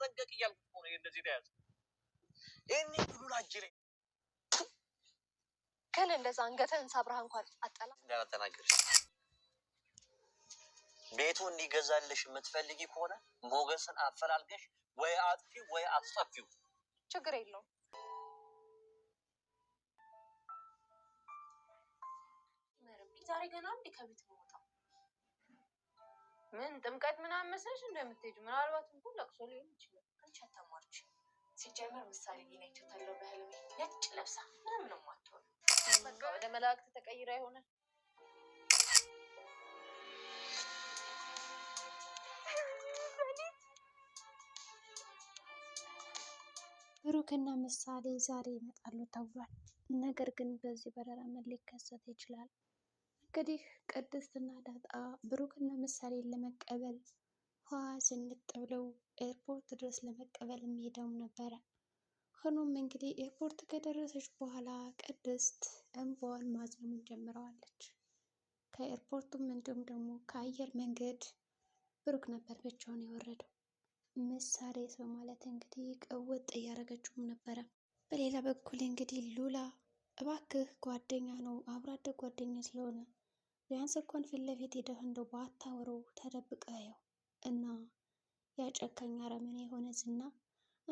ተጠንቀቅ እያልኩ ሆነ እንደዚህ ተያዘ። ይህን ሁሉ ላጅ ላይ ግን እንደዛ አንገተህን ሳብረህ እንኳን አጠላ እንዳላተናገር ቤቱ እንዲገዛልሽ የምትፈልጊ ከሆነ ሞገስን አፈላልገሽ ወይ አጥፊው ወይ አስጠፊው ችግር የለውም። ዛሬ ገና እንዴ ከቤት መውጣ ምን ጥምቀት ምናምን መሰለሽ እንደምትሄጂው ምናልባት እንኳን ለቅሶ ሊሆን ይችላል። አንቺ አታሟርች። ሲጀመር ምሳሌ ሊናቸው ተለው ነጭ ለብሳ ምንም ነው ማትሆን። በቃ ወደ መላእክት ተቀይራ ይሆናል። ብሩክና ምሳሌ ዛሬ ይመጣሉ ተብሏል። ነገር ግን በዚህ በረራ ምን ሊከሰት ይችላል? እንግዲህ ቅድስትና ዳጣ ብሩክና ምሳሌን ለመቀበል ዋ ስንጥ ብለው ኤርፖርት ድረስ ለመቀበል የሚሄደውም ነበረ። ሆኖም እንግዲህ ኤርፖርት ከደረሰች በኋላ ቅድስት እንባዋን ማዘኑን ጀምረዋለች። ከኤርፖርቱም እንዲሁም ደግሞ ከአየር መንገድ ብሩክ ነበር ብቻውን የወረደው። ምሳሌ ሰው ማለት እንግዲህ ቀወጥ እያደረገችውም ነበረ። በሌላ በኩል እንግዲህ ሉላ እባክህ ጓደኛ ነው አብሮ አደግ ጓደኛ ስለሆነ ቢያንስ እንኳን ፊት ለፊት ሄደህ እንደው ባታወራው ተደብቀኸው እና ያጨካኝ አረመኔ የሆነ ዝና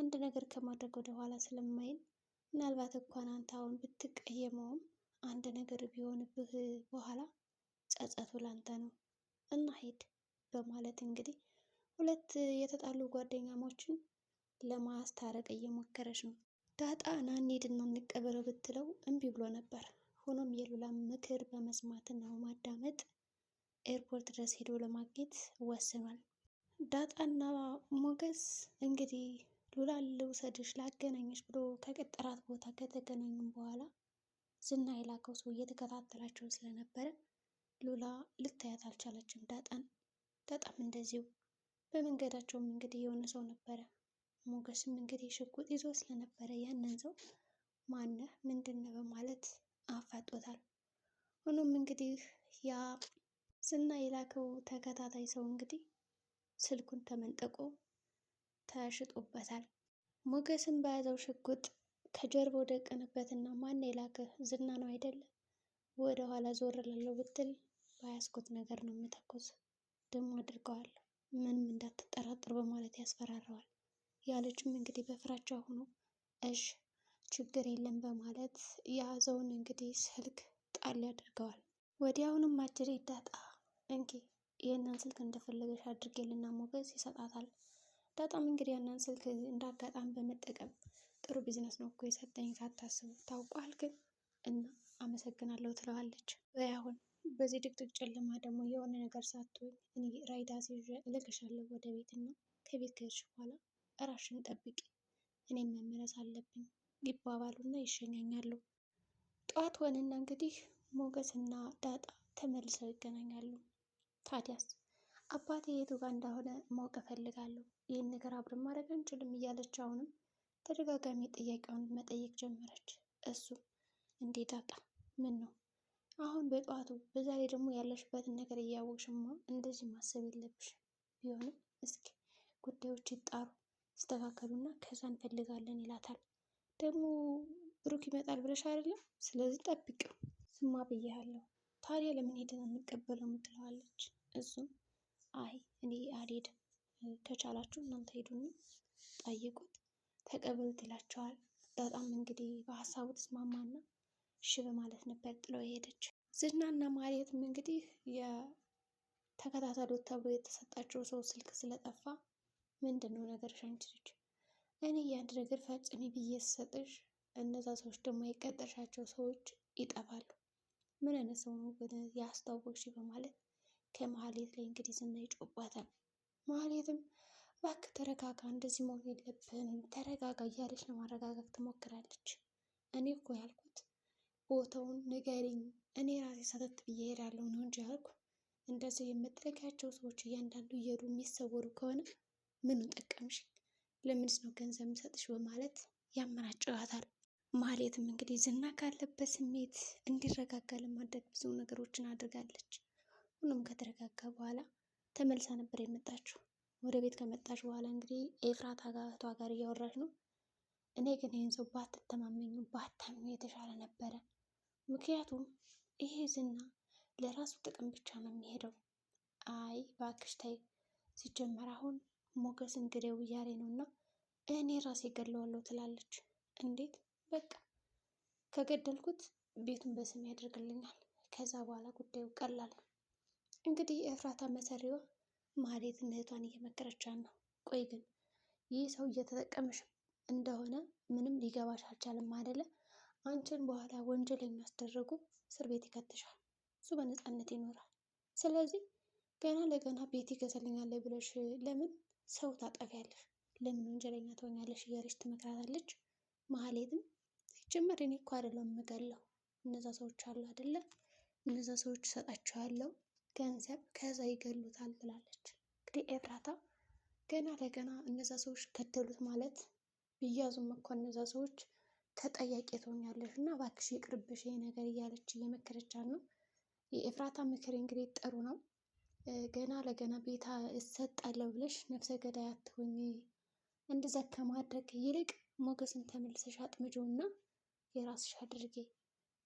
አንድ ነገር ከማድረግ ወደ ኋላ ስለማይል ምናልባት እንኳን አንተ አሁን ብትቀየመውም አንድ ነገር ቢሆንብህ በኋላ ጸጸቱ ላንተ ነው እና ሄድ በማለት እንግዲህ ሁለት የተጣሉ ጓደኛሞችን ለማስታረቅ እየሞከረች ነው። ዳጣ ና እና እንቀበለው ብትለው እምቢ ብሎ ነበር። ሆኖም የሉላ ምክር በመስማትና በማዳመጥ ኤርፖርት ድረስ ሄዶ ለማግኘት ወስኗል። ዳጣና ሞገስ እንግዲህ ሉላ ልውሰድሽ ላገናኘሽ ብሎ ከቀጠራት ቦታ ከተገናኙም በኋላ ዝና የላከው ሰው እየተከታተላቸው ስለነበረ ሉላ ልታያት አልቻለችም ዳጣን። ዳጣም እንደዚሁ በመንገዳቸውም እንግዲህ የሆነ ሰው ነበረ። ሞገስም እንግዲህ ሽጉጥ ይዞ ስለነበረ ያንን ሰው ማነህ ምንድን ነው በማለት አፋጦታል። ሆኖም እንግዲህ ያ ዝና የላከው ተከታታይ ሰው እንግዲህ ስልኩን ተመንጠቆ ተሽጦበታል። ሞገስን በያዘው ሽጉጥ ከጀርባ ደቀንበት እና ማን የላከህ ዝና ነው አይደለም? ወደ ኋላ ዞር ላለው ብትል በያዝኩት ነገር ነው የምተኮስ ደግሞ አድርገዋል፣ ምንም እንዳትጠራጠር በማለት ያስፈራረዋል። ያለችም እንግዲህ በፍራቻ ሆኖ እሽ ችግር የለም በማለት የያዘውን እንግዲህ ስልክ ጣል ያደርገዋል። ወዲያውንም አጅሬ ዳጣ እንኪ ይህንን ስልክ እንደፈለገሽ አድርጌልና ሞገስ ይሰጣታል። ዳጣም እንግዲህ ያንን ስልክ እንዳጋጣሚ በመጠቀም ጥሩ ቢዝነስ ነው እኮ የሰጠኝ ሳታስቡ ታውቋል፣ ግን እና አመሰግናለሁ ትለዋለች። ያሁን በዚህ ድቅድቅ ጨለማ ደግሞ የሆነ ነገር ሳትሆን እኔ ራይዳ አዝዤ እልክሻለሁ ወደ ቤት እና ከቤት ከሄድሽ በኋላ እራሽን ጠብቂ፣ እኔም መመለስ አለብኝ ይባባሉና ይሸኛኛሉ። ጠዋት ሆነና እንግዲህ ሞገስና ዳጣ ተመልሰው ይገናኛሉ። ታዲያስ አባቴ የቱ ጋር እንዳሆነ ማወቅ እፈልጋለሁ፣ ይህን ነገር አብረን ማድረግ አንችልም እያለች አሁንም ተደጋጋሚ ጥያቄውን መጠየቅ ጀመረች። እሱ እንዴ ዳጣ ምን ነው አሁን በጠዋቱ በዛሬ ደግሞ ያለሽበትን ነገር እያወቅሽማ እንደዚህ ማሰብ የለብሽ ቢሆንም እስኪ ጉዳዮች ይጣሩ ይስተካከሉና ከዛ እንፈልጋለን ይላታል። ደግሞ ብሩክ ይመጣል ብለሽ አይደለም? ስለዚህ ጠብቅ ስማ ብያለሁ። ታዲያ ለምን ሄደን እንቀበለው ምትለዋለች። እሱም አይ እኔ አልሄድም፣ ከቻላችሁ እናንተ ሄዱና ጠይቁት ተቀበሉት ይላቸዋል። በጣም እንግዲህ በሀሳቡ ተስማማና እሺ በማለት ነበር ጥለው የሄደች። ዝናና ማርያትም እንግዲህ የተከታተሉት ተብሎ የተሰጣቸው ሰው ስልክ ስለጠፋ ምንድን ነው ነገርሽ አንቺ እኔ ያን ነገር ፈጽሜ ብዬ ስሰጥሽ እነዛ ሰዎች ደግሞ የቀጠርሻቸው ሰዎች ይጠፋሉ። ምን አይነት ሰው ነው ግን ያስታወቅሽ? በማለት ከመሀሌት ላይ እንግዲህ ዝና ይጮባታል። መሀሌትም እባክህ ተረጋጋ፣ እንደዚህ መሆን የለብህም ተረጋጋ እያለች ለማረጋጋት ትሞክራለች። እኔ እኮ ያልኩት ቦታውን ንገሪኝ፣ እኔ ራሴ ሰተት ብዬ ሄዳለሁ ነው እንጂ ያልኩ እንደዚህ የምትለቂያቸው ሰዎች እያንዳንዱ እየሄዱ የሚሰወሩ ከሆነ ምኑን ጠቀምሽ? ለምንስ ነው ገንዘብ የምሰጥሽ በማለት ያመናጭዋታል። ማህሌትም እንግዲህ ዝና ካለበት ስሜት እንዲረጋጋ ለማድረግ ብዙ ነገሮችን አድርጋለች። ሁሉም ከተረጋጋ በኋላ ተመልሳ ነበር የመጣችው። ወደ ቤት ከመጣች በኋላ እንግዲህ ኤፍራታ ጋቷ ጋር እያወራች ነው። እኔ ግን ይህን ሰው ባትተማመኙ ባታምኑ የተሻለ ነበረ። ምክንያቱም ይሄ ዝና ለራሱ ጥቅም ብቻ ነው የሚሄደው። አይ እባክሽ ተይ፣ ሲጀመር አሁን ሞገስ እንግዲው እያሌ ነው እና እኔ ራሴ ገለዋለሁ ትላለች። እንዴት በቃ ከገደልኩት ቤቱን በስም ያደርግልኛል። ከዛ በኋላ ጉዳዩ ቀላል ነው። እንግዲህ የእፍራታ መሰሪዋ ማህሌት እህቷን እየመከረቻት ነው። ቆይ ግን ይህ ሰው እየተጠቀመሽ እንደሆነ ምንም ሊገባሽ አልቻለም አደለ? አንቺን በኋላ ወንጀል የሚያስደረጉ እስር ቤት ይከትሻል። እሱ በነፃነት ይኖራል። ስለዚህ ገና ለገና ቤት ይገዛልኛል ብለሽ ለምን ሰው ታጠፊያለሽ፣ ለምን ወንጀለኛ ትሆኛለሽ እያለች ትመክራታለች። መሀሌትም ሲጀመር እኔ እኮ አይደለም የምገለው እነዛ ሰዎች አሉ አይደለ፣ እነዛ ሰዎች እሰጣቸዋለሁ ገንዘብ ከዛ ይገሉታል ብላለች። እንግዲህ ኤፍራታ ገና ለገና እነዛ ሰዎች ገደሉት ማለት ብያዙም እኮ እነዛ ሰዎች ተጠያቂ ትሆኛለሽ እና እባክሽ ይቅርብሽ ይሄ ነገር እያለች እየመከረቻት ነው። የኤፍራታ ምክር እንግዲህ ጥሩ ነው። ገና ለገና ቤታ እሰጣለሁ ብለሽ ነፍሰ ገዳይ አትሆኚ። እንደዛ ከማድረግ ይልቅ ሞገስን ተመልሰሽ አጥምጂው እና የራስሽ አድርጌ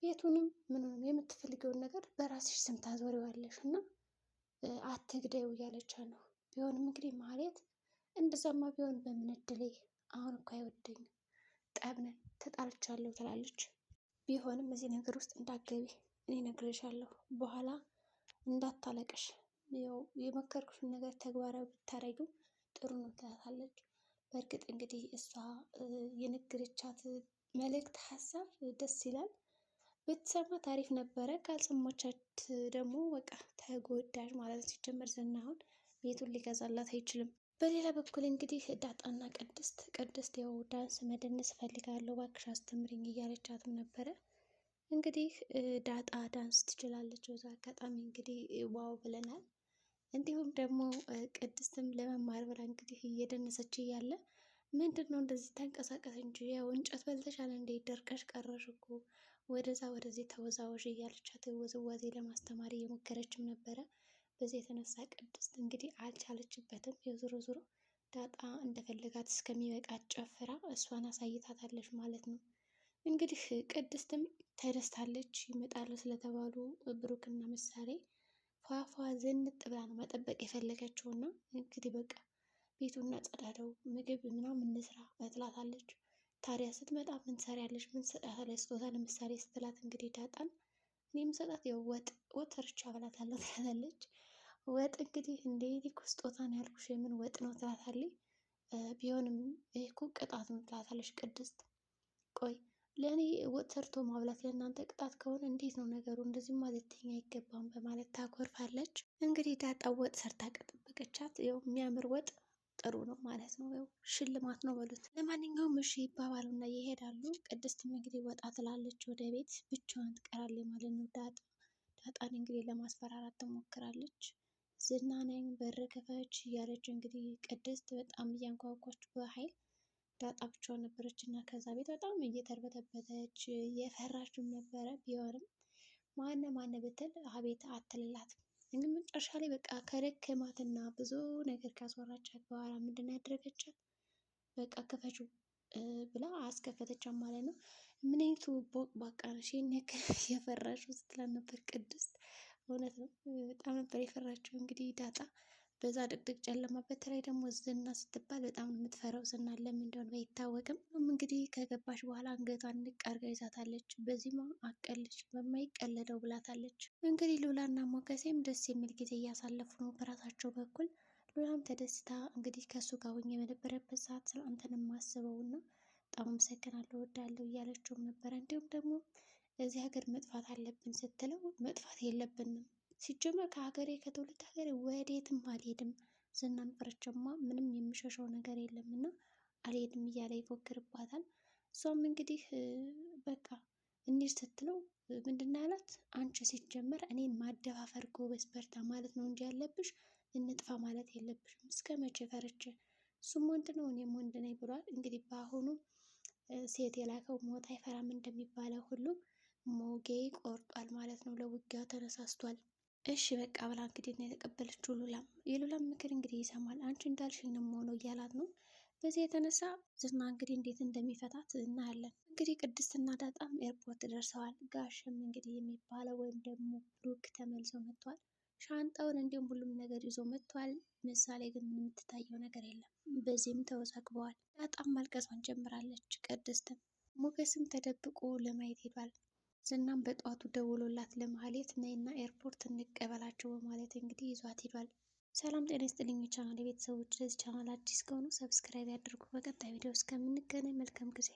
ቤቱንም ምንም የምትፈልገውን ነገር በራስሽ ስም ታዞሪዋለሽ እና አትግደው እያለቻ ነው። ቢሆንም እንግዲህ ማለት እንደዛማ ቢሆን በምን እድሌ አሁን እኮ አይወደኝም፣ ጠብነን ተጣልቻለሁ ትላለች። ቢሆንም እዚህ ነገር ውስጥ እንዳገቢ እኔ ነግሬሻለሁ፣ በኋላ እንዳታለቅሽ ያው የመከርኩሽን ነገር ተግባራዊ ብታረጊው ጥሩ ነው ትላታለች። በእርግጥ እንግዲህ እሷ የንግርቻት መልእክት ሀሳብ ደስ ይላል። ብትሰማ ታሪፍ ነበረ። ካልሰማቻት ደግሞ በቃ ተጎዳሽ ማለት ሲጀመር አሁን ቤቱን ሊገዛላት አይችልም። በሌላ በኩል እንግዲህ ዳጣና ቅድስት ቅድስት ያው ዳንስ መደነስ እፈልጋለሁ እባክሽ አስተምሪኝ እያለቻትም ነበረ። እንግዲህ ዳጣ ዳንስ ትችላለች። በዛ አጋጣሚ እንግዲህ ዋው ብለናል። እንዲሁም ደግሞ ቅድስትም ለመማር ብላ እንግዲህ እየደነሰች እያለ ምንድን ነው እንደዚህ ተንቀሳቀስ እንጂ ያው እንጨት በልተሻል እንዴ ደርቀሽ ቀረሽ እኮ ወደዛ ወደዚህ ተወዛወዥ እያለቻት ውዝዋዜ ለማስተማር እየሞከረችም ነበረ። በዚህ የተነሳ ቅድስት እንግዲህ አልቻለችበትም። የዞሮ ዞሮ ዳጣ እንደፈለጋት እስከሚበቃት ጨፍራ እሷን አሳይታታለች ማለት ነው። እንግዲህ ቅድስትም ተደስታለች። ይመጣሉ ስለተባሉ ብሩክና ምሳሌ ፏፏ ዝንጥ ብላ ነው መጠበቅ የፈለገችው እና እንግዲህ በቃ ቤቱን እናጸዳለው፣ ምግብ ምናምን እንስራ ትላታለች። ታዲያ ስትመጣ ምን ትሰሪያለሽ? ምን ትሰጣታለች ስጦታ ለምሳሌ ስትላት እንግዲህ ዳጣን እኔ የምሰጣት ያው ወጥ ወጥ ሰርቻ ብላታለሁ ትላለች። ወጥ እንግዲህ እንዴ እኮ ስጦታ ነው ያልኩሽ የምን ወጥ ነው ትላታለች። ቢሆንም ይህ እኮ ቅጣት ነው ትላታለች ቅድስት ቆይ ለእኔ ወጥ ሰርቶ ማብላት ለእናንተ ቅጣት ከሆነ እንዴት ነው ነገሩ? እንደዚህማ ልትይኝ አይገባም በማለት ታኮርፋለች። እንግዲህ ዳጣ ወጥ ሰርታ ከጠበቀቻት ያው የሚያምር ወጥ ጥሩ ነው ማለት ነው። ያው ሽልማት ነው በሉት። ለማንኛውም እሺ ይባባሉና ይሄዳሉ። ቅድስትም እንግዲህ ወጣ ትላለች ወደ ቤት፣ ብቻዋን ትቀራለች ማለት ነው። ዳጣ ዳጣን እንግዲህ ለማስፈራራት ትሞክራለች። ዝና ነኝ በር ክፈች እያለች እንግዲህ ቅድስት በጣም እያንኳኳች በኃይል ዳጣ ብቻዋን ነበረች እና ከዛ ቤት በጣም እየተርበተበተች የፈራችም ነበረ። ቢሆንም ማነ ማነ ብትል አቤት አትልላት። እንግዲህ መጨረሻ ላይ በቃ ከደከማት እና ብዙ ነገር ካስወራቻት በኋላ ምንድን ያደረገቻት በቃ ክፈችው ብላ አስከፈተቻት ማለት ነው። ምን አይነቱ ቦቅ ባቃ ነሽ ይህን ያክል የፈራሽው ስትላት ነበር ቅድስት። እውነት ነው በጣም ነበር የፈራችው እንግዲህ ዳጣ በዛ ድቅድቅ ጨለማ በተለይ ደግሞ ዝና ስትባል በጣም የምትፈራው ዝና ለምን እንደሆነ ባይታወቅም እንግዲህ ከገባች በኋላ አንገቷን ንቅ አርጋ ይዛታለች። በዚህም አቀለች በማይቀለደው ብላታለች። እንግዲህ ሉላና ሞገሴም ደስ የሚል ጊዜ እያሳለፉ ነው በራሳቸው በኩል። ሉላም ተደስታ እንግዲህ ከእሱ ጋር ሆኜ በነበረበት ሰዓት ስለ አንተንም ማስበው እና በጣም አመሰግናለሁ እወዳለሁ እያለችውም ነበረ። እንዲሁም ደግሞ እዚህ ሀገር መጥፋት አለብን ስትለው መጥፋት የለብንም ሲጀመር ከሀገሬ ከትውልድ ሀገሬ ወዴትም አልሄድም፣ ዝናን ፈርቼማ ምንም የምሸሸው ነገር የለም እና አልሄድም እያለ ይፎክርባታል። እሷም እንግዲህ በቃ እንዲህ ስትለው ምንድን ነው ያላት? አንቺ ሲጀመር እኔን ማደፋፈር ጎበዝ በርታ ማለት ነው እንጂ ያለብሽ እንጥፋ ማለት የለብሽም። እስከ መቼ ፈርቼ? እሱም ወንድ ነው እኔም ወንድ ነኝ ብሏል። እንግዲህ በአሁኑ ሴት የላከው ሞት አይፈራም እንደሚባለው ሁሉ ሞጌ ቆርጧል ማለት ነው። ለውጊያ ተነሳስቷል። እሺ በቃ ብላ እንግዲህ ነው የተቀበለችው። ሉላም የሉላም ምክር እንግዲህ ይሰማል። አንቺ እንዳልሽኝ ነው የምሆነው እያላት ነው። በዚህ የተነሳ ዝና እንግዲህ እንዴት እንደሚፈታት እናያለን። እንግዲህ ቅድስትና ዳጣም ኤርፖርት ደርሰዋል። ጋሽም እንግዲህ የሚባለው ወይም ደግሞ ብሩክ ተመልሰው መጥቷል። ሻንጣውን እንዲሁም ሁሉም ነገር ይዞ መጥቷል። ምሳሌ ግን የምትታየው ነገር የለም። በዚህም ተወዛግበዋል። ዳጣም ማልቀሷን ጀምራለች። ቅድስትም ሞገስም ተደብቆ ለማየት ሄዷል። ዝናም በጠዋቱ ደውሎላት ለማህሌት ነይና ኤርፖርት እንቀበላቸው በማለት እንግዲህ ይዟት ሂዷል። ሰላም ጤና ይስጥልኝ ቻናል የቤተሰቦች ለዚህ ቻናል አዲስ ከሆኑ ሰብስክራይብ ያድርጉ። በቀጣይ ቪዲዮ እስከምንገናኝ መልካም ጊዜ